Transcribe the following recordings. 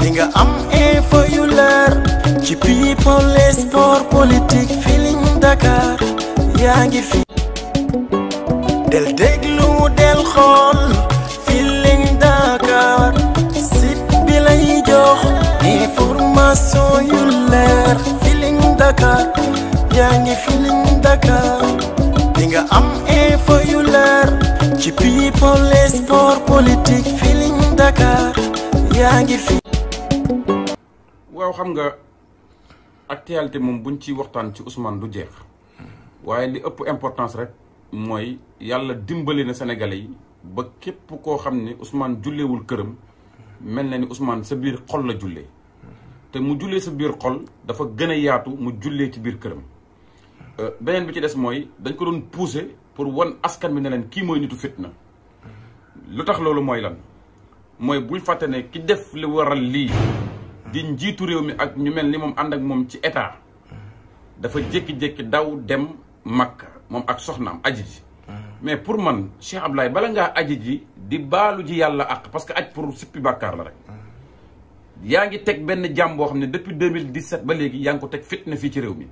di nga am info yu leer ci people del déglu del xool Feeling Dakar site bi lay jox information yu Dakar yaa ngi Feeling Dakar di am info yu leer ci people les sport politique Feeling Dakar. waaw xam nga actualité moom buñ ci waxtaan ci Ousmane du jeex waaye li ëpp importance rek mooy yàlla dimbali na Sénégalais yi ba képp koo xam ne Ousmane julleewul këram mel na ni Ousmane sa biir xol la jullee te mu jullee sa biir xol dafa gën a yaatu mu jullee ci biir këram. Euh, beneen bi ci des mooy dañ ko doon pousser pour wan askan bi ne leen kii mooy nitu fitna lu tax loolu mooy lan. mooy bul fàtte ne ki def li waral lii di njiitu réew mi ak ñu mel ni moom ànd ak moom ci état dafa jékki-jékki daw dem Makka moom ak soxnaam aji ji mais pour man Cheikh Ablaye bala ngaa aji ji di baalu ji yàlla ak parce que aj pour sippi bàkkaar la rek yaa ngi teg benn jàmm boo xam ne mille depuis 2017 ba léegi yaa ngi ko teg fitna fii ci réew mi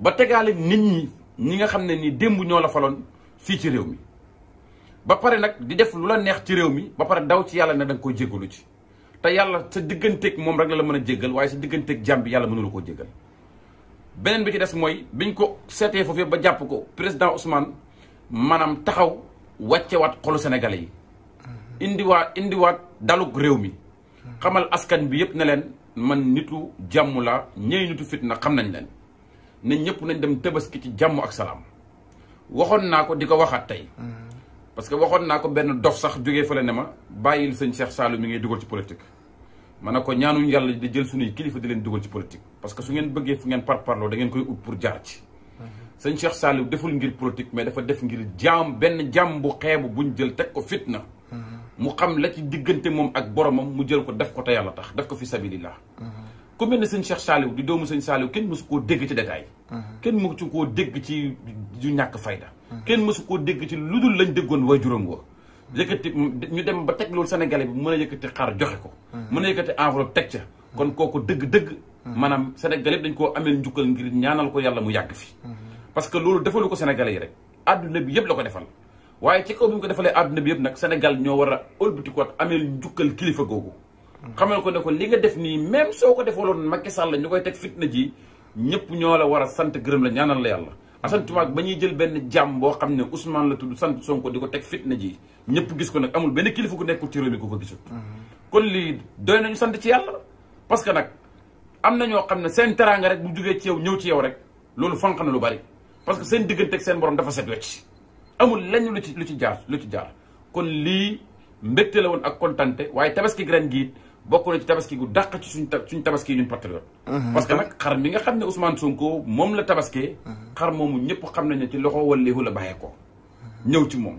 ba tegaale nit ñi ñi nga xam ne ni démb ñoo la faloon fii ci réew mi ba pare nag di def lu la neex ci réew mi ba pare daw ci yàlla ne danga nga koy jéggalu ci te yàlla sa digganteeg moom rek la la mën a jéggal waaye sa digganteeg jàmm bi yàlla mënula ko jéggal beneen bi ci des mooy biñ ko seetee foofu ba jàpp ko président Ousmane maanaam taxaw wàccewaat xolu Sénégalais yi indiwaat indiwaat dalug réew mi xamal askan bi yëpp ne leen man nitu jàmm la ñëy nitu fitna xam nañ leen ne ñëpp nañ dem tabaski ci jàmm ak salaam waxoon naa ko di ko waxaat tey parce que waxoon naa ko benn dof sax jógee fële ne ma bàyyil sëñ Cheikh Saloum mi ngay dugal ci politique ma ne ko ñaanuñ yàlla di jël suñuy kilifa di leen dugal ci politique parce que su ngeen bëggee fu ngeen parparloo da ngeen koy ut pour jaar ci sëñ Cheikh Saloum deful ngir politique mais dafa def ngir jaam benn jaam bu xeebu buñ jël teg ko fitna mu xam la ci diggante moom ak boromam mu jël ko def ko te yàlla tax def ko fi sabilillah ku mel ne sëñ Cheikh Saliou di doomu sëñ Saliou kenn mësu koo dégg ci détail kenn mësu koo dégg ci du ñàkk fayda kenn mësu koo dégg ci lu dul lañ déggoon way juróom wa yëkkati ñu dem ba teg loolu sénégalais bi mën a yëkkati xar joxe ko mën a yëkkati enveloppe teg ca kon kooku dëgg-dëgg maanaam sénégalais bi dañ koo ameel njukkal ngir ñaanal ko yàlla mu yàgg fi parce que loolu defalu ko sénégalais yi rek adduna bi yëpp la ko defal waaye ci kaw bi mu ko defalee àdduna bi yëpp nag sénégal ñoo war a ëlbatikuwaat ameel njukkal kilifa googu xamal ko ne ko li nga def nii même soo ko defaloon Macky Sall ñu koy teg fitna ji ñëpp ñoo la war a sant gërëm la ñaanal la yàlla mm-hmm. Assane Touma ba ñuy jël benn jàmm boo xam ne Ousmane la tudd sant Sonko di ko teg fitna ji ñëpp gis ko nag amul benn kilifa ku nekkul ci réew mi ku ko gisut mm-hmm. kon lii doy nañu sant parce que nag am na xam ne seen teraanga rek bu jugee ci yow ñëw ci yow rek loolu fanq lu bari parce que seen diggante seen borom dafa set wecc amul lenn lu ci lu ci jaar lu ci jaar kon lii mbégte la woon ak kontante waaye tabaski ren gi bokk na ci tabaski gu dàq ci suñ suñ tabaski ñun patriote uh-huh. parce que nag xar mi nga xam ne Ousmane Sonko moom la tabaskee uh-huh. xar moomu ñëpp xam nañu ci loxo walleehu la bàyyee ko ñëw ci moom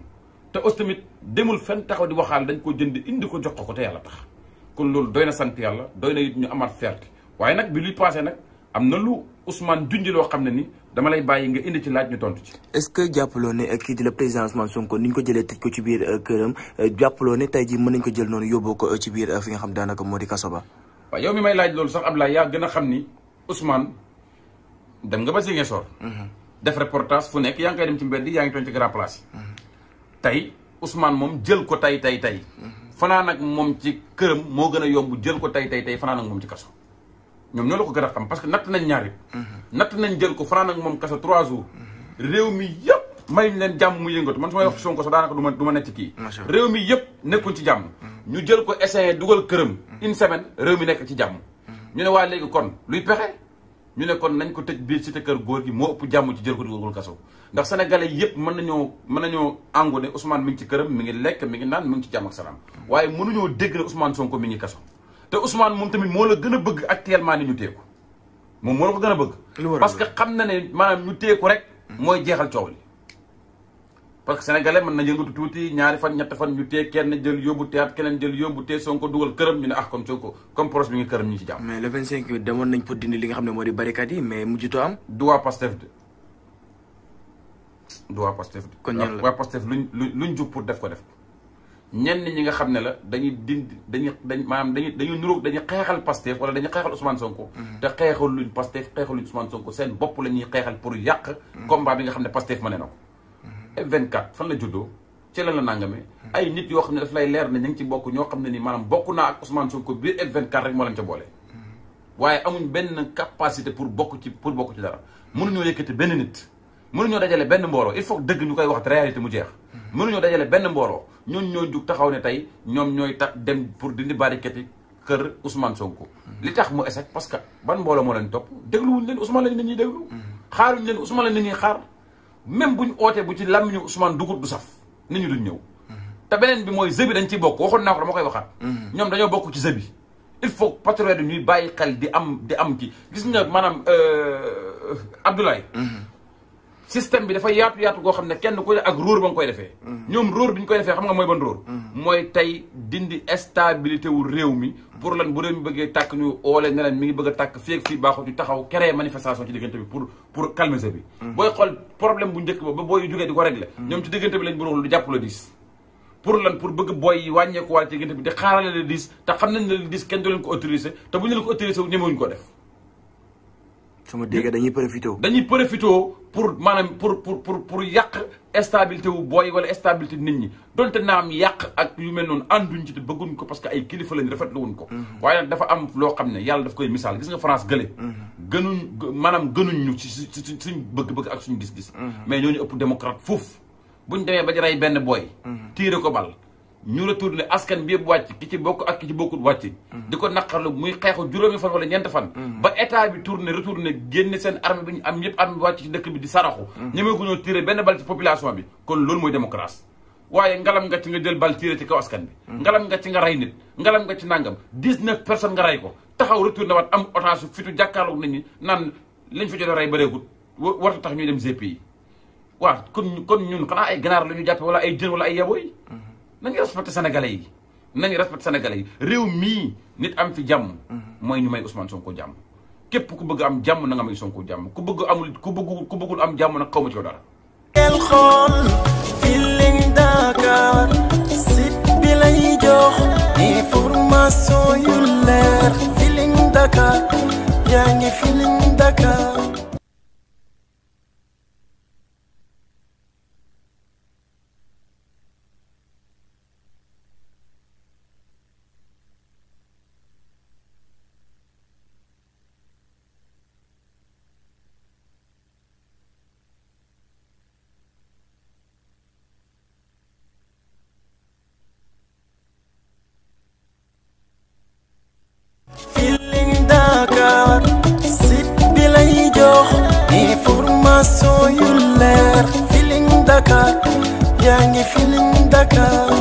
te aussi tamit demul fenn taxaw di waxaal dañ ko jënd indi ko jox ko ko te yàlla tax kon loolu doy na sant yàlla doy na it ñu amaat ferte waaye nag bi luy passé nag am na lu Ousmane junj loo xam ne ni dama lay bàyyi nga indi ci laaj ñu tontu ci. est-ce que jàppaloo ne kii di la président Ousmane Sonko ni ñu ko jëlee tëj ko ci biir euh, këram euh, jàppaloo ne tey jii mën nañ ko jël noonu yóbboo ko euh, ci biir fi nga xam daanaka moo di kaso ba. waaw yow mi may laaj loolu sax Ablaye yaa gën a xam ni Ousmane dem nga ba Ziguinchor. Mhm. def reportage fu nekk yaa ngi koy dem ci mbedd yaa ngi toog ci grand place. Mhm. tey Ousmane moom jël ko tay tay tay mhm. fanaan ak moom ci këram moo gën a yomb jël ko tay tay tay fanaan ak moom ci kaso. ñoom ñoo la ko gën a xam parce que natt nañ ñaari. natt nañ jël ko fanaan ak moom kasa trois jours. réew mi yëpp may leen jàmm mu yëngatu man su may wax Sonko sax daanaka du ma du ma nekk kii. réew mi yëpp nekkuñ ci jàmm. ñu jël ko essayé dugal këram. une semaine réew mi nekk ci jàmm. ñu ne waa léegi kon luy pexe ñu ne kon nañ ko tëj biir cité kër góor gi moo ëpp jàmm ci jël ko dugal kaso ndax sénégalais yëpp mën nañoo mën nañoo àngu ne Ousmane mi ngi ci këram mi ngi lekk mi ngi naan mi ci jàmm ak waaye mënuñoo dégg ne Ousmane Sonko mi ngi kaso te Ousmane moom tamit moo la gën a bëgg actuellement ni ñu téye ko moom moo la ko gën a bëgg. parce que xam na ne maanaam ñu téye ko rek. mooy jeexal coow li. parce que mën na yëngatu tuuti ñaari fan ñett fan ñu téye kenn jël yóbbu théâtre keneen jël yóbbu téye Sonko dugal këram ñu ne ah comme Sonko comme proche bi nga këram ñu ci jàmm. mais le 25 bi demoon nañ pour dindi li nga xam ne moo di barricade yi mais mujjutoo am. du waa Pastef de du waa de. kon ñan la waa Pastef luñ luñ jug pour def ko def ñenn ñi nga xam ne la dañuy dindi dañu dañ maanaam dañuy dañuy nuróog dañuy xeexal Pastef wala dañuy xeexal Ousmane Sonko. Mhm. te xeexal luñ Pastef xeexal luñ Ousmane Sonko seen bopp la ñuy xeexal pour yàq. Mhm. combat bi nga xam ne Pastef mëne na ko. Mhm. F24 fan la juddoo ci lan la ay nit yoo xam ne daf lay leer na ñu ngi ci bokk ñoo xam ne nii maanaam bokk naa ak Ousmane Sonko biir F24 rek moo leen ca boole. waaye amuñ benn capacité pour bokk ci pour bokk ci dara mënuñoo yëkkati benn nit mënuñoo dajale benn mbooloo il faut dëgg ñu koy wax réalité mu jeex mënuñoo dajale benn mbooloo ñoon ñoo jug taxaw ne tey ñoom ñooy tax dem pour dindi bari yi kër Ousmane Sonko. li tax mu échec parce que ban mbooloo moo leen topp dégluwuñ leen Ousmane lañ ñuy déglu. xaaruñ leen Ousmane lañ ñuy xaar même ñu ootee bu ci làmmiñu Ousmane dugut du saf nit ñu duñ ñëw. te beneen bi mooy zëbi dañ ciy bokk waxoon naa ko dama koy waxaat. ñoom dañoo bokk ci zëbi. il faut patriote ñuy bàyyi xel di am di am ci gis nga maanaam euh, Abdoulaye. système bi dafa yaatu yaatu goo xam ne kenn ku ne ak róor ba nga koy defee mm-hmm. ñoom róor bi ñu koy defee xam nga mooy ban róor mm-hmm. mooy tey dindi stabilité réew mi pour lan bu réew mi bëggee tàkk ñu oole ne mi ngi bëgg a tàkk fii ak fii baaxut ñu taxaw créer manifestation ci diggante bi pour pour calmer ça bi mm-hmm. booy xool problème bu njëkk ba booy jógee di ko régler ñoom ci diggante bi lañ bu róor lu jàpp la diis pour lan pour bëgg booy yi wàññeeku wàll ci diggante nañ ne la diis te bu ñu leen wu ñemewuñ ko def sama dégg dañuy profité. dañuy profité pour maanaam pour pour pour pour yàq stabilité wu booy wala stabilité nit ñi donte naam yàq ak yu mel noonu ànduñ ci te bëgguñ ko parce que ay kilifa lañ rafetlu wuñ ko. Mhm. waaye nag dafa am loo xam ne yàlla daf koy misaal gis nga France gële. Mhm. gënuñ maanaam gënuñ ñu ci suñ bëgg-bëgg ak suñu gis-gis. Mhm. mais ñooñu ëpp démocrate foofu buñ demee ba ci rey benn booy. tiire ko bal. ñu retourné askan bi yëpp wàcc ki ci bokk ak ki ci bokkut wàcc mm-hmm. di ko naqarlu muy xeexu juróomi fan wala ñeent fan mm-hmm. ba état bi tourné retourné génne seen armée bi ñu am yëpp armée bi wàcc ci dëkk bi di saraxu mm-hmm. ñemee ko ñoo tiré benn bi kon loolu mooy démocratie waaye ngalam nga ci nga jël bal tiré kaw askan bi ngalam nga ci nga rey nit ngalam nga ci nangam dix-neuf personnes nga rey ko taxaw retourné waat am otage fitu jàkkaarloog nit ñi naan liñ fi jot a rey bëreegut warta tax ñuy dem GPI waaw kon kon ñun xanaa ay ganaar la ñu jàppe wala ay jën wala ay yabooy nañu respecté sénégalais yi nañu respecté sénégalais yi réew mii nit am fi jàmm. mooy ñu may Ousmane Sonko jàmm. képp ku bëgg am jàmm na nga may Sonko jàmm ku bëgg amul ku bëgg ku bëggul am jàmm nag xaw ma ci ko dara. el xool Feeling Dakar site bi lay jox information yu leer Feeling Dakar yaa ngi Feeling Dakar. information yu leer Feeling Dakar yaa ngi Feeling Dakar